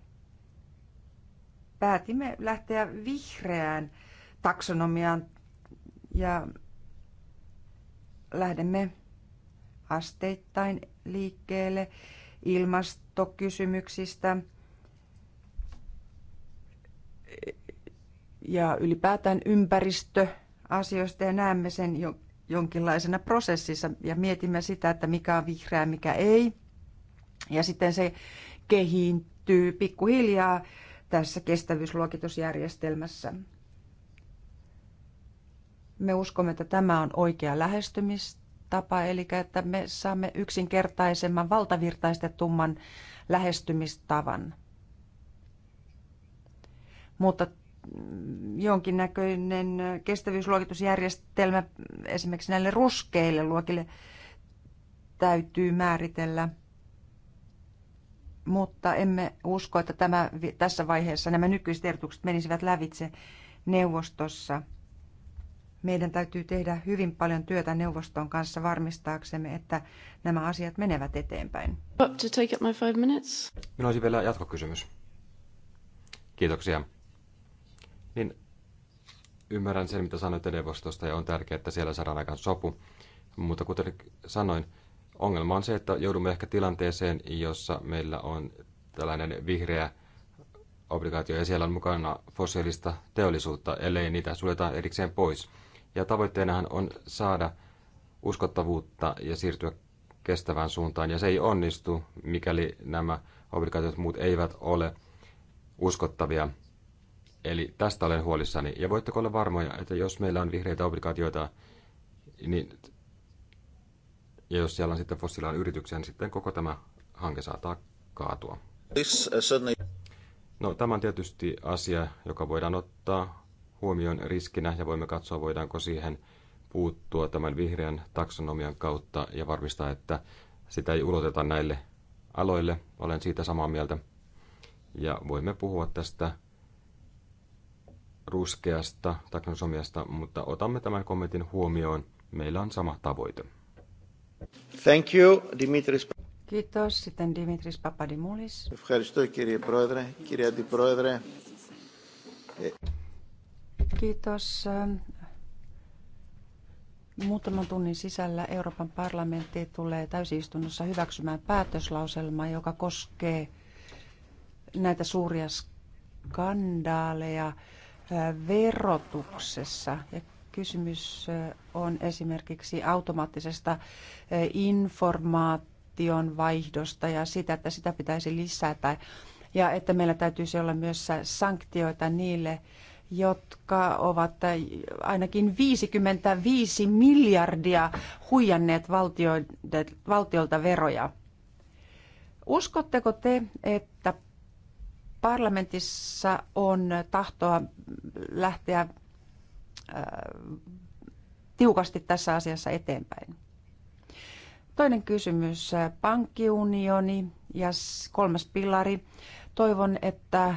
S2: päätimme lähteä vihreään taksonomiaan ja lähdemme asteittain liikkeelle ilmastokysymyksistä ja ylipäätään ympäristöasioista ja näemme sen jo jonkinlaisena prosessissa ja mietimme sitä, että mikä on vihreää, mikä ei. Ja sitten se kehittyy pikkuhiljaa tässä kestävyysluokitusjärjestelmässä. Me uskomme, että tämä on oikea lähestymistapa tapa, eli että me saamme yksinkertaisemman, valtavirtaistetumman lähestymistavan. Mutta jonkinnäköinen kestävyysluokitusjärjestelmä esimerkiksi näille ruskeille luokille täytyy määritellä. Mutta emme usko, että tämä, tässä vaiheessa nämä nykyiset ehdotukset menisivät lävitse neuvostossa – meidän täytyy tehdä hyvin paljon työtä neuvoston kanssa varmistaaksemme, että nämä asiat menevät eteenpäin. Minulla
S4: olisi vielä jatkokysymys. Kiitoksia. Niin, ymmärrän sen, mitä sanoitte neuvostosta, ja on tärkeää, että siellä saadaan aikaan sopu. Mutta kuten sanoin, ongelma on se, että joudumme ehkä tilanteeseen, jossa meillä on tällainen vihreä obligaatio, ja siellä on mukana fossiilista teollisuutta, ellei niitä suljeta erikseen pois – ja tavoitteenahan on saada uskottavuutta ja siirtyä kestävään suuntaan. Ja se ei onnistu, mikäli nämä obligaatiot muut eivät ole uskottavia. Eli tästä olen huolissani. Ja voitteko olla varmoja, että jos meillä on vihreitä obligaatioita, niin ja jos siellä on sitten fossiilan yrityksiä, niin sitten koko tämä hanke saattaa kaatua.
S1: Uh,
S4: no, tämä on tietysti asia, joka voidaan ottaa huomioon riskinä ja voimme katsoa, voidaanko siihen puuttua tämän vihreän taksonomian kautta ja varmistaa, että sitä ei uloteta näille aloille. Olen siitä samaa mieltä. Ja voimme puhua tästä ruskeasta taksonomiasta, mutta otamme tämän kommentin huomioon. Meillä on sama tavoite. Thank you, Dimitris.
S2: Kiitos. Sitten Dimitris Papadimoulis.
S4: Ευχαριστώ proedre, Πρόεδρε,
S1: di proedre.
S2: Kiitos. Muutaman tunnin sisällä Euroopan parlamentti tulee täysistunnossa hyväksymään päätöslauselma, joka koskee näitä suuria skandaaleja verotuksessa. Ja kysymys on esimerkiksi automaattisesta informaation vaihdosta ja sitä, että sitä pitäisi lisätä ja että meillä täytyisi olla myös sanktioita niille jotka ovat ainakin 55 miljardia huijanneet valtiolta veroja. Uskotteko te, että parlamentissa on tahtoa lähteä äh, tiukasti tässä asiassa eteenpäin? Toinen kysymys, pankkiunioni ja kolmas pilari. Toivon, että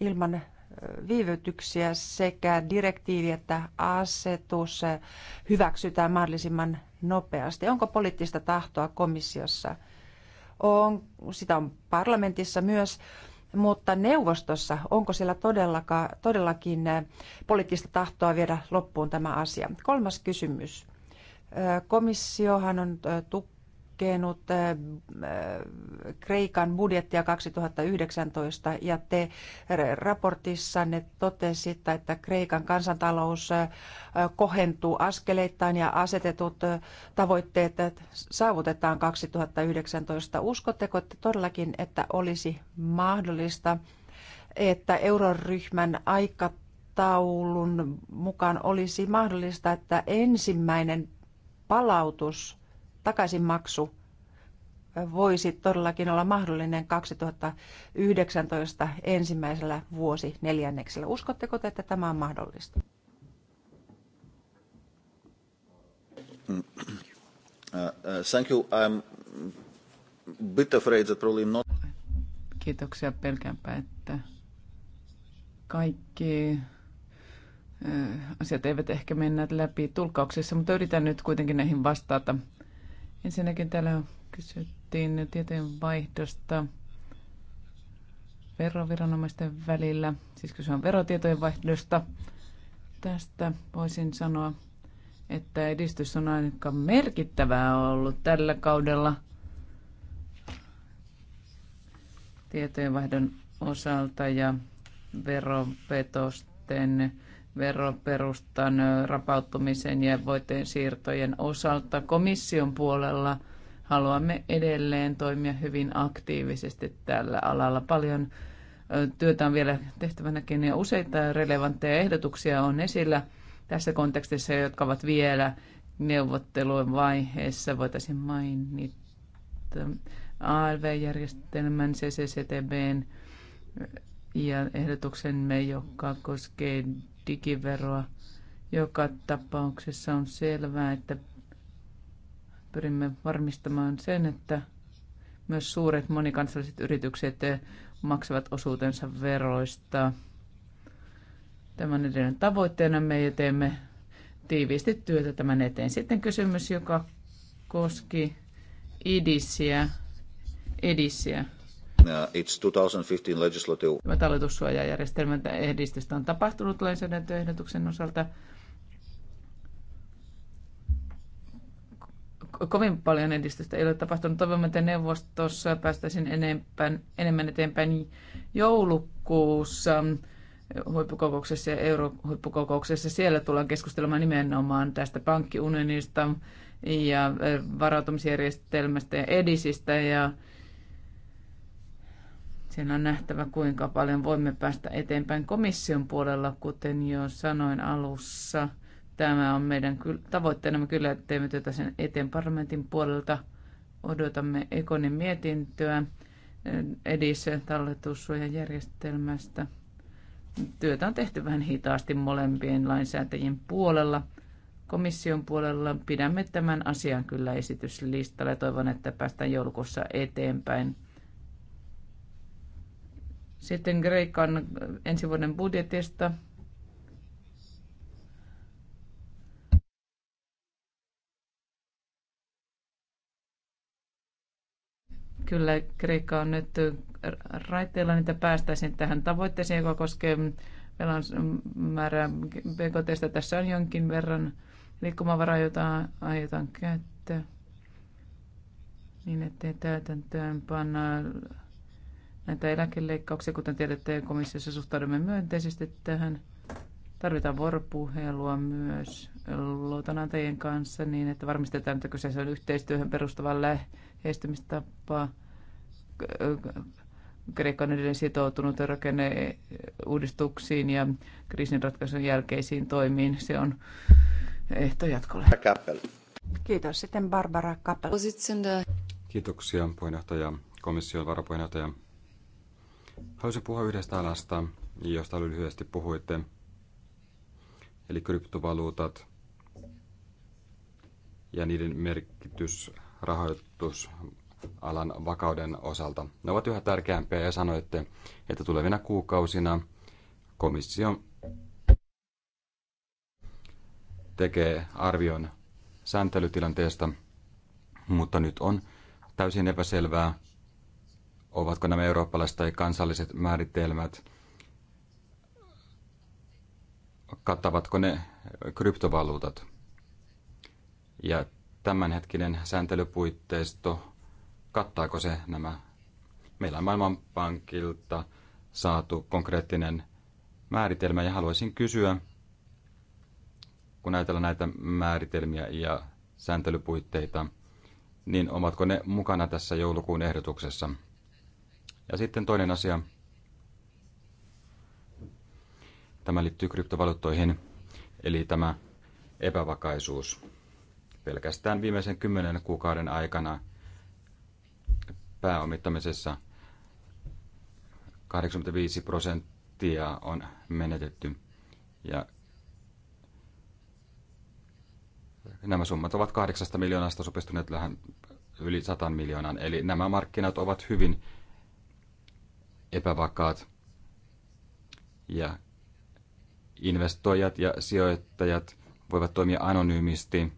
S2: ilman viivytyksiä sekä direktiivi että asetus hyväksytään mahdollisimman nopeasti? Onko poliittista tahtoa komissiossa? On, sitä on parlamentissa myös, mutta neuvostossa onko siellä todellakin eh, poliittista tahtoa viedä loppuun tämä asia? Kolmas kysymys. Eh, komissiohan on eh, tukea tukenut äh, äh, Kreikan budjettia 2019 ja te raportissanne totesitte, että Kreikan kansantalous äh, kohentuu askeleittain ja asetetut tavoitteet saavutetaan 2019. Uskotteko että todellakin, että olisi mahdollista, että euroryhmän aikataulun mukaan olisi mahdollista, että ensimmäinen palautus takaisinmaksu voisi todellakin olla mahdollinen 2019 ensimmäisellä vuosi neljänneksellä. Uskotteko te, että tämä on mahdollista?
S1: thank you. I'm bit afraid that probably not.
S3: Kiitoksia pelkäänpä, että kaikki eh, asiat eivät ehkä mennä läpi tulkauksessa, mutta yritän nyt kuitenkin näihin vastata. Ensinnäkin täällä kysyttiin tietojenvaihdosta veroviranomaisten välillä, siis kyse on verotietojen vaihdosta. Tästä voisin sanoa, että edistys on aika merkittävää ollut tällä kaudella tietojenvaihdon osalta ja veropetosten veroperustan rapauttumisen ja voiteen siirtojen osalta. Komission puolella haluamme edelleen toimia hyvin aktiivisesti tällä alalla. Paljon työtä on vielä tehtävänäkin ja useita relevantteja ehdotuksia on esillä tässä kontekstissa, jotka ovat vielä neuvottelujen vaiheessa. Voitaisiin mainita ALV-järjestelmän, CCCTBn ja ehdotuksemme, joka koskee digiveroa. Joka tapauksessa on selvää, että pyrimme varmistamaan sen, että myös suuret monikansalliset yritykset eh, maksavat osuutensa veroista. Tämän edelleen tavoitteena me teemme tiiviisti työtä tämän eteen. Sitten kysymys, joka koski idisiä. edisiä. edisiä
S1: Uh, it's 2015 legislative. Tämä
S3: talletussuojajärjestelmän edistystä on tapahtunut lainsäädäntöehdotuksen osalta. Kovin paljon edistystä ei ole tapahtunut. Toivomme, että neuvostossa päästäisiin enempän, enemmän eteenpäin joulukuussa huippukokouksessa ja eurohuippukokouksessa. Siellä tullaan keskustelemaan nimenomaan tästä pankkiunionista ja äh, varautumisjärjestelmästä ja edisistä ja siinä on nähtävä, kuinka paljon voimme päästä eteenpäin komission puolella, kuten jo sanoin alussa. Tämä on meidän tavoitteena. Me kyllä teemme työtä sen eteen parlamentin puolelta. Odotamme Ekonin mietintöä edis talletussuojajärjestelmästä. Työtä on tehty vähän hitaasti molempien lainsäätäjien puolella. Komission puolella pidämme tämän asian kyllä esityslistalle. Toivon, että päästään joulukuussa eteenpäin sitten Kreikan ensi vuoden budjetista. Kyllä Kreikka on nyt raiteilla, niitä päästäisiin tähän tavoitteeseen, joka koskee velan määrää BKT. Tässä on jonkin verran liikkumavaraa, jota aiotaan käyttää niin, ettei täytäntöön panna näitä eläkeleikkauksia. Kuten tiedätte, komissiossa suhtaudumme myönteisesti tähän. Tarvitaan vuoropuhelua myös luotonantajien kanssa niin, että varmistetaan, että kyseessä on yhteistyöhön perustuva lähestymistapa. Kreikka on edelleen sitoutunut rakenneuudistuksiin ja kriisinratkaisun jälkeisiin toimiin. Se on
S4: ehto jatkolle.
S2: Kiitos. Sitten Barbara Kappel.
S4: Kiitoksia puheenjohtaja, komission varapuheenjohtaja. Haluaisin puhua yhdestä alasta, josta lyhyesti puhuitte, eli kryptovaluutat ja niiden merkitys rahoitusalan vakauden osalta. Ne ovat yhä tärkeämpiä ja sanoitte, että tulevina kuukausina komissio tekee arvion sääntelytilanteesta, mutta nyt on täysin epäselvää, ovatko nämä eurooppalaiset tai kansalliset määritelmät, kattavatko ne kryptovaluutat. Ja tämänhetkinen sääntelypuitteisto, kattaako se nämä? Meillä on Maailmanpankilta saatu konkreettinen määritelmä ja haluaisin kysyä, kun ajatellaan näitä määritelmiä ja sääntelypuitteita, niin ovatko ne mukana tässä joulukuun ehdotuksessa? Ja sitten toinen asia. Tämä liittyy kryptovaluuttoihin, eli tämä epävakaisuus. Pelkästään viimeisen kymmenen kuukauden aikana pääomittamisessa 85 prosenttia on menetetty. Ja nämä summat ovat kahdeksasta miljoonasta supistuneet lähes yli 100 miljoonaan. Eli nämä markkinat ovat hyvin epävakaat ja investoijat ja sijoittajat voivat toimia anonyymisti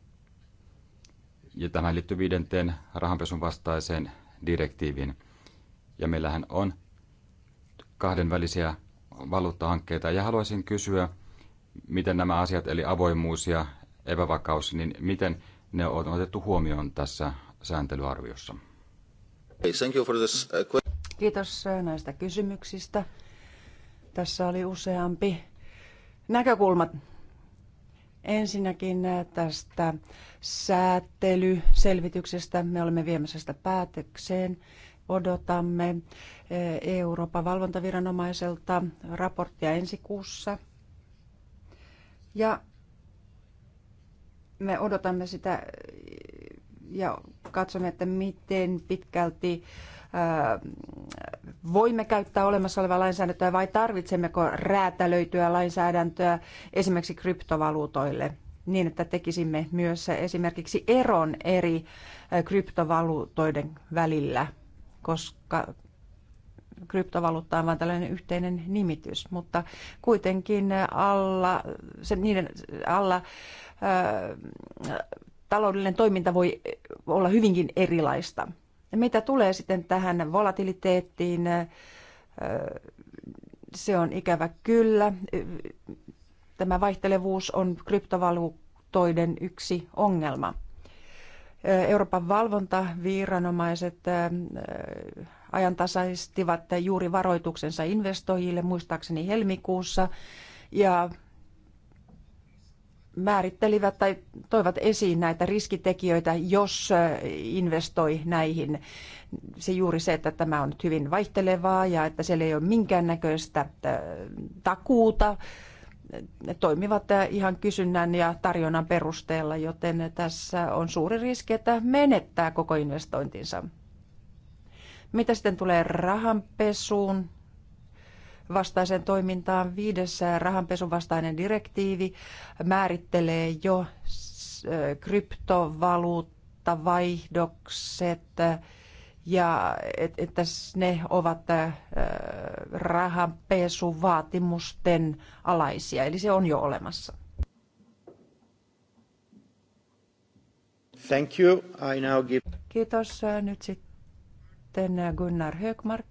S4: ja tämä liittyy viidenteen rahanpesun vastaiseen direktiiviin. Ja meillähän on kahdenvälisiä valuuttahankkeita ja haluaisin kysyä, miten nämä asiat eli avoimuus ja epävakaus, niin miten ne on otettu huomioon tässä sääntelyarviossa? Thank you for this uh,
S2: Kiitos äh, näistä kysymyksistä. Tässä oli useampi näkökulma. Ensinnäkin äh, tästä säätelyselvityksestä me olemme viemässä sitä päätökseen. Odotamme äh, Euroopan valvontaviranomaiselta raporttia ensi kuussa. Ja me odotamme sitä ja katsomme, että miten pitkälti äh, voimme käyttää olemassa olevaa lainsäädäntöä vai tarvitsemmeko räätälöityä lainsäädäntöä esimerkiksi kryptovaluutoille niin, että tekisimme myös esimerkiksi eron eri kryptovaluutoiden välillä, koska kryptovaluutta on vain tällainen yhteinen nimitys, mutta kuitenkin alla, se, niiden alla ö, taloudellinen toiminta voi olla hyvinkin erilaista. Mitä tulee sitten tähän volatiliteettiin, se on ikävä kyllä. Tämä vaihtelevuus on kryptovaluutoiden yksi ongelma. Euroopan valvontaviranomaiset ajantasaistivat juuri varoituksensa investoijille muistaakseni helmikuussa ja määrittelivät tai toivat esiin näitä riskitekijöitä, jos investoi näihin. Se juuri se, että tämä on nyt hyvin vaihtelevaa ja että siellä ei ole minkäännäköistä takuuta. Ne toimivat ihan kysynnän ja tarjonnan perusteella, joten tässä on suuri riski, että menettää koko investointinsa. Mitä sitten tulee rahanpesuun? vastaiseen toimintaan. Viides rahanpesun vastainen direktiivi määrittelee jo kryptovaluuttavaihdokset ja että ne ovat rahanpesuvaatimusten alaisia, eli se on jo olemassa.
S1: Thank you. I now give...
S2: Kiitos. Nyt sitten Gunnar Högmark.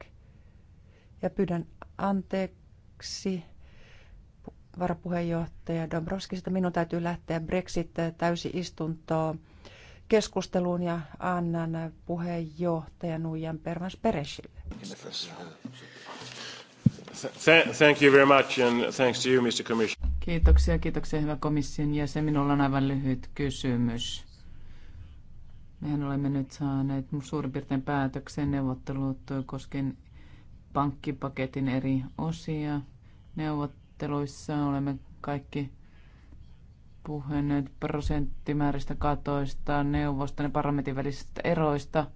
S2: Ja pyydän anteeksi varapuheenjohtaja Dombrovskis, että minun täytyy lähteä brexit istunto keskusteluun ja annan puheenjohtajan Nuijan Pervans Peresille.
S4: Thank you very much and thanks to you, Mr. Commissioner.
S3: Kiitoksia, kiitoksia hyvä komission jäsen. Minulla on aivan lyhyt kysymys. Mehän olemme nyt saaneet suurin piirtein päätöksen neuvottelut koskien pankkipaketin eri osia. Neuvotteluissa olemme kaikki puhuneet prosenttimääristä katoista, neuvoston ja parlamentin välisistä eroista.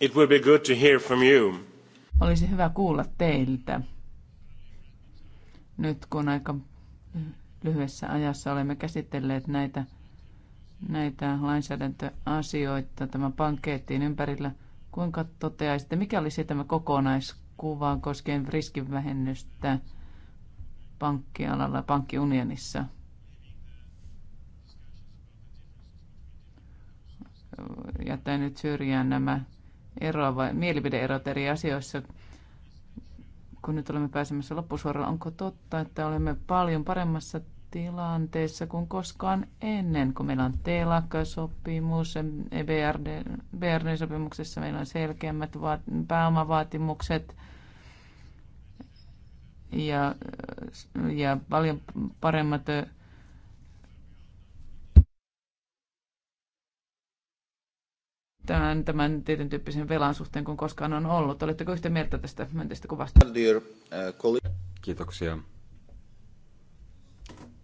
S4: It would be good to hear from you.
S3: Olisi hyvä kuulla teiltä. Nyt kun aika lyhyessä ajassa olemme käsitelleet näitä näitä lainsäädäntöasioita tämän pankkeettiin ympärillä. Kuinka toteaisitte, mikä olisi tämä kokonaiskuva koskien riskivähennystä pankkialalla, pankkiunionissa? Jätän nyt syrjään nämä eroava, mielipideerot eri asioissa kun nyt olemme pääsemässä loppusuoralla, onko totta, että olemme paljon paremmassa tilanteessa kuin koskaan ennen, kun meillä on telakkasopimus, BRD-sopimuksessa meillä on selkeämmät vaat, pääomavaatimukset ja, ja paljon paremmat tämän, tämän tietyn tyyppisen velan suhteen kuin koskaan on ollut. Oletteko yhtä mieltä tästä myönteistä kuvasta?
S4: Uh, Kiitoksia.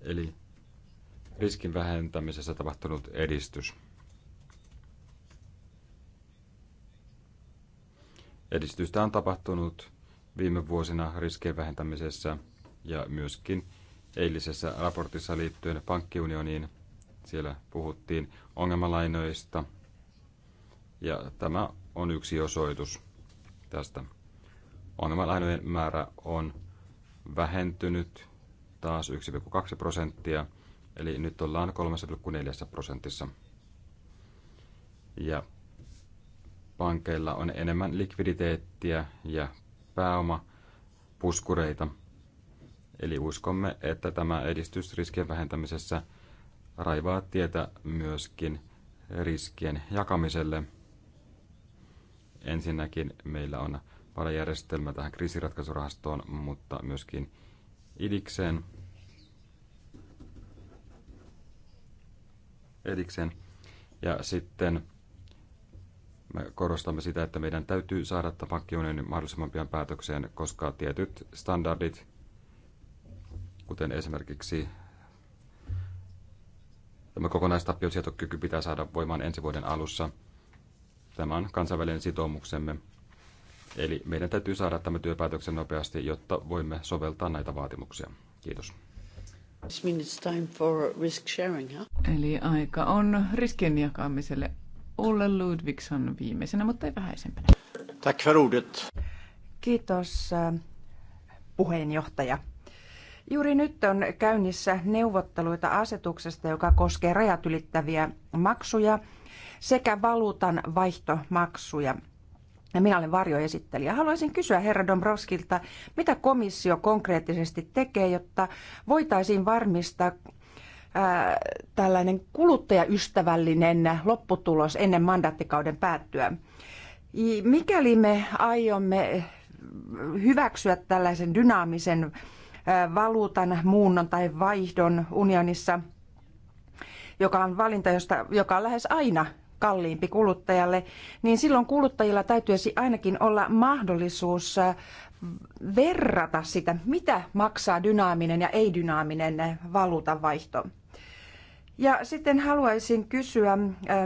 S4: Eli riskin vähentämisessä tapahtunut edistys. Edistystä on tapahtunut viime vuosina riskien vähentämisessä ja myöskin eilisessä raportissa liittyen pankkiunioniin. Siellä puhuttiin ongelmalainoista ja tämä on yksi osoitus tästä. Ongelmalainojen määrä on vähentynyt taas 1,2 prosenttia, eli nyt ollaan 3,4 prosentissa. Ja pankeilla on enemmän likviditeettiä ja pääomapuskureita, eli uskomme, että tämä edistys riskien vähentämisessä raivaa tietä myöskin riskien jakamiselle. Ensinnäkin meillä on varajärjestelmä tähän kriisiratkaisurahastoon, mutta myöskin idikseen. erikseen. Ja sitten me korostamme sitä, että meidän täytyy saada tämä mahdollisimman pian päätökseen, koska tietyt standardit, kuten esimerkiksi tämä kokonaistappiosietokyky pitää saada voimaan ensi vuoden alussa. tämän kansainvälinen sitoumuksemme. Eli meidän täytyy saada tämä työpäätöksen nopeasti, jotta voimme soveltaa näitä vaatimuksia. Kiitos.
S3: Eli aika on riskin jakamiselle. Olle Ludvigsson viimeisenä, mutta ei vähäisempänä.
S2: Tack för ordet.
S3: Kiitos äh,
S2: puheenjohtaja. Juuri nyt on käynnissä neuvotteluita asetuksesta, joka koskee rajat ylittäviä maksuja sekä valuutan vaihtomaksuja ja minä olen varjoesittelijä. Haluaisin kysyä herra Dombrovskilta, mitä komissio konkreettisesti tekee, jotta voitaisiin varmistaa ää, tällainen kuluttajaystävällinen lopputulos ennen mandaattikauden päättyä. Mikäli me aiomme hyväksyä tällaisen dynaamisen valuutan muunnon tai vaihdon unionissa, joka on valinta, josta, joka on lähes aina kalliimpi kuluttajalle, niin silloin kuluttajilla täytyisi ainakin olla mahdollisuus äh, verrata sitä, mitä maksaa dynaaminen ja ei-dynaaminen valuutanvaihto. Ja sitten haluaisin kysyä äh,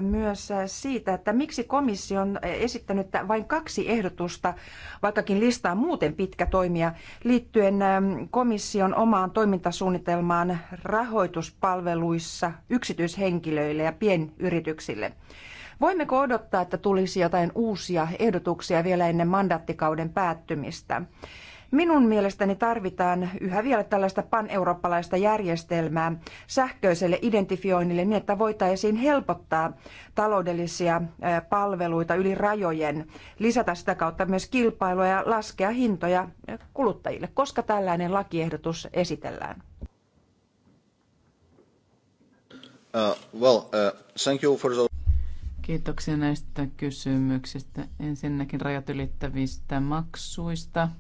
S2: myös äh, siitä, että miksi komissio on äh, esittänyt vain kaksi ehdotusta, vaikkakin listaa muuten pitkä toimia, liittyen ähm, komission omaan toimintasuunnitelmaan rahoituspalveluissa yksityishenkilöille ja pienyrityksille. Voimmeko odottaa, että tulisi jotain uusia ehdotuksia vielä ennen mandaattikauden päättymistä? Minun mielestäni tarvitaan yhä vielä tällaista paneurooppalaista järjestelmää sähköiselle identifioinnille niin, että voitaisiin helpottaa taloudellisia palveluita yli rajojen, lisätä sitä kautta myös kilpailua ja laskea hintoja kuluttajille. Koska tällainen lakiehdotus esitellään?
S1: Uh, well, uh, thank you for the...
S3: Kiitoksia näistä kysymyksistä. Ensinnäkin rajat ylittävistä maksuista –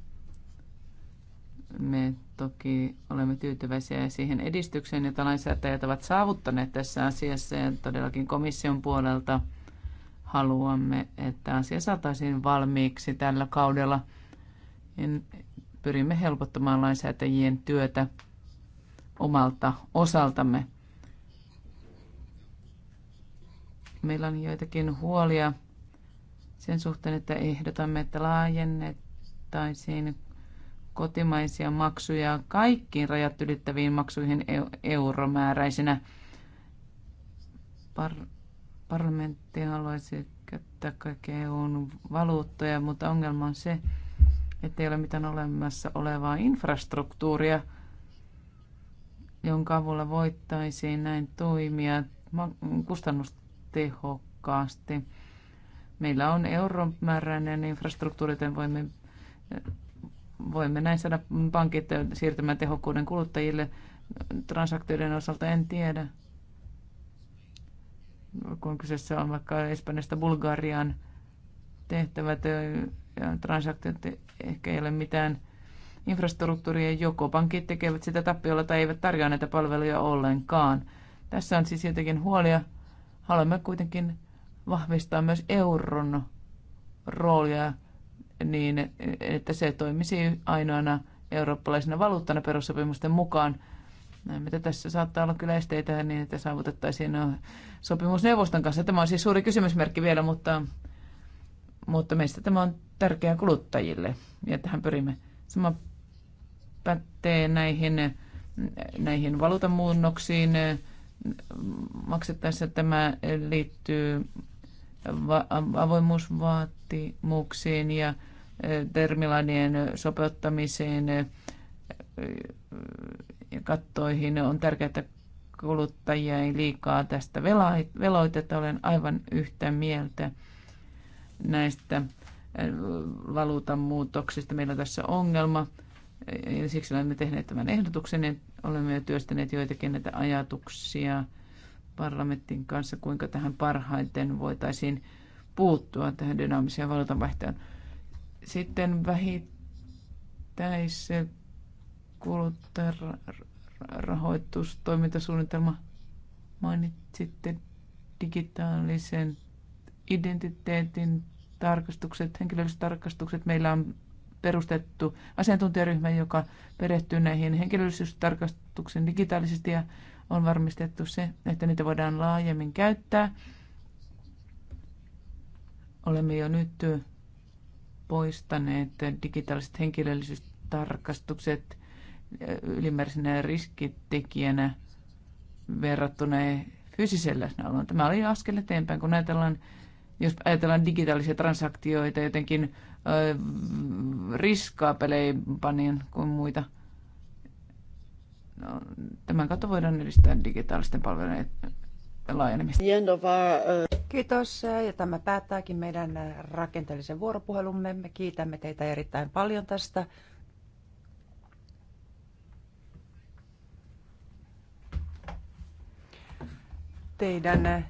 S3: me toki olemme tyytyväisiä siihen edistykseen, jota lainsäätäjät ovat saavuttaneet tässä asiassa ja todellakin komission puolelta haluamme, että asia saataisiin valmiiksi tällä kaudella. Pyrimme helpottamaan lainsäätäjien työtä omalta osaltamme. Meillä on joitakin huolia sen suhteen, että ehdotamme, että laajennettaisiin kotimaisia maksuja kaikkiin rajat ylittäviin maksuihin euromääräisinä. Par- parlamentti haluaisi käyttää kaikkia EUn valuuttoja, mutta ongelma on se, että ei ole mitään olemassa olevaa infrastruktuuria, jonka avulla voittaisiin näin toimia kustannustehokkaasti. Meillä on euromääräinen infrastruktuuri, joten voimme voimme näin saada pankit siirtämään tehokkuuden kuluttajille transaktioiden osalta, en tiedä. Kun kyseessä on vaikka Espanjasta Bulgarian tehtävät ja transaktiot, ehkä ei ole mitään infrastruktuuria, joko pankit tekevät sitä tappiolla tai eivät tarjoa näitä palveluja ollenkaan. Tässä on siis jotenkin huolia. Haluamme kuitenkin vahvistaa myös euron roolia niin, että se toimisi ainoana eurooppalaisena valuuttana perussopimusten mukaan. Näin, mitä tässä saattaa olla kyllä esteitä niin, että saavutettaisiin no, sopimusneuvoston kanssa. Tämä on siis suuri kysymysmerkki vielä, mutta, mutta meistä tämä on tärkeää kuluttajille ja tähän pyrimme. Sama pätee näihin, näihin valuutamuunnoksiin. Maksettaessa tämä liittyy avoimuusvaatimuksiin ja e, termilainien sopeuttamiseen e, e, ja kattoihin. On tärkeää, että kuluttajia ei liikaa tästä veloiteta. Olen aivan yhtä mieltä näistä valuutan muutoksista. Meillä on tässä ongelma. Siksi olemme tehneet tämän ehdotuksen. Olemme jo työstäneet joitakin näitä ajatuksia – parlamentin kanssa, kuinka tähän parhaiten voitaisiin puuttua tähän dynaamiseen valtavaihtoon. Sitten vähittäisen kuluttajarahoitustoimintasuunnitelma mainitsitte digitaalisen identiteetin tarkastukset, henkilölliset tarkastukset. Meillä on perustettu asiantuntijaryhmä, joka perehtyy näihin henkilöllisyystarkastuksen digitaalisesti ja on varmistettu se, että niitä voidaan laajemmin käyttää. Olemme jo nyt poistaneet digitaaliset henkilöllisyystarkastukset ylimääräisenä riskitekijänä verrattuna fyysisen läsnäoloon. Tämä oli askel eteenpäin, kun ajatellaan, jos ajatellaan digitaalisia transaktioita jotenkin riskaapeleimpanien kuin muita – No, tämän kautta voidaan edistää digitaalisten palvelujen laajenemista.
S2: Kiitos ja tämä päättääkin meidän rakenteellisen vuoropuhelumme. Me kiitämme teitä erittäin paljon tästä. Teidän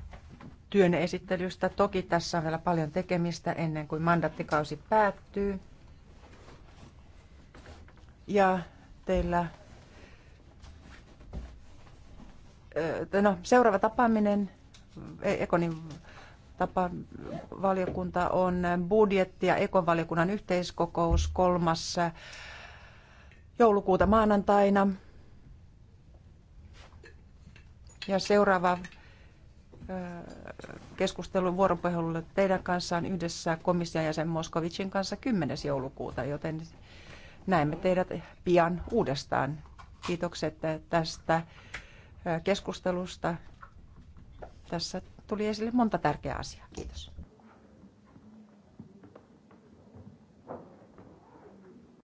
S2: työn esittelystä. Toki tässä on vielä paljon tekemistä ennen kuin mandattikausi päättyy. Ja teillä no, seuraava tapaaminen, e- Ekonin tapa valiokunta on budjetti- ja ekonvaliokunnan yhteiskokous kolmas joulukuuta maanantaina. Ja seuraava keskustelun vuoropuhelulle teidän kanssaan yhdessä komission jäsen Moskovicin kanssa 10. joulukuuta, joten näemme teidät pian uudestaan. Kiitokset tästä keskustelusta. Tässä tuli esille monta tärkeää asiaa. Kiitos.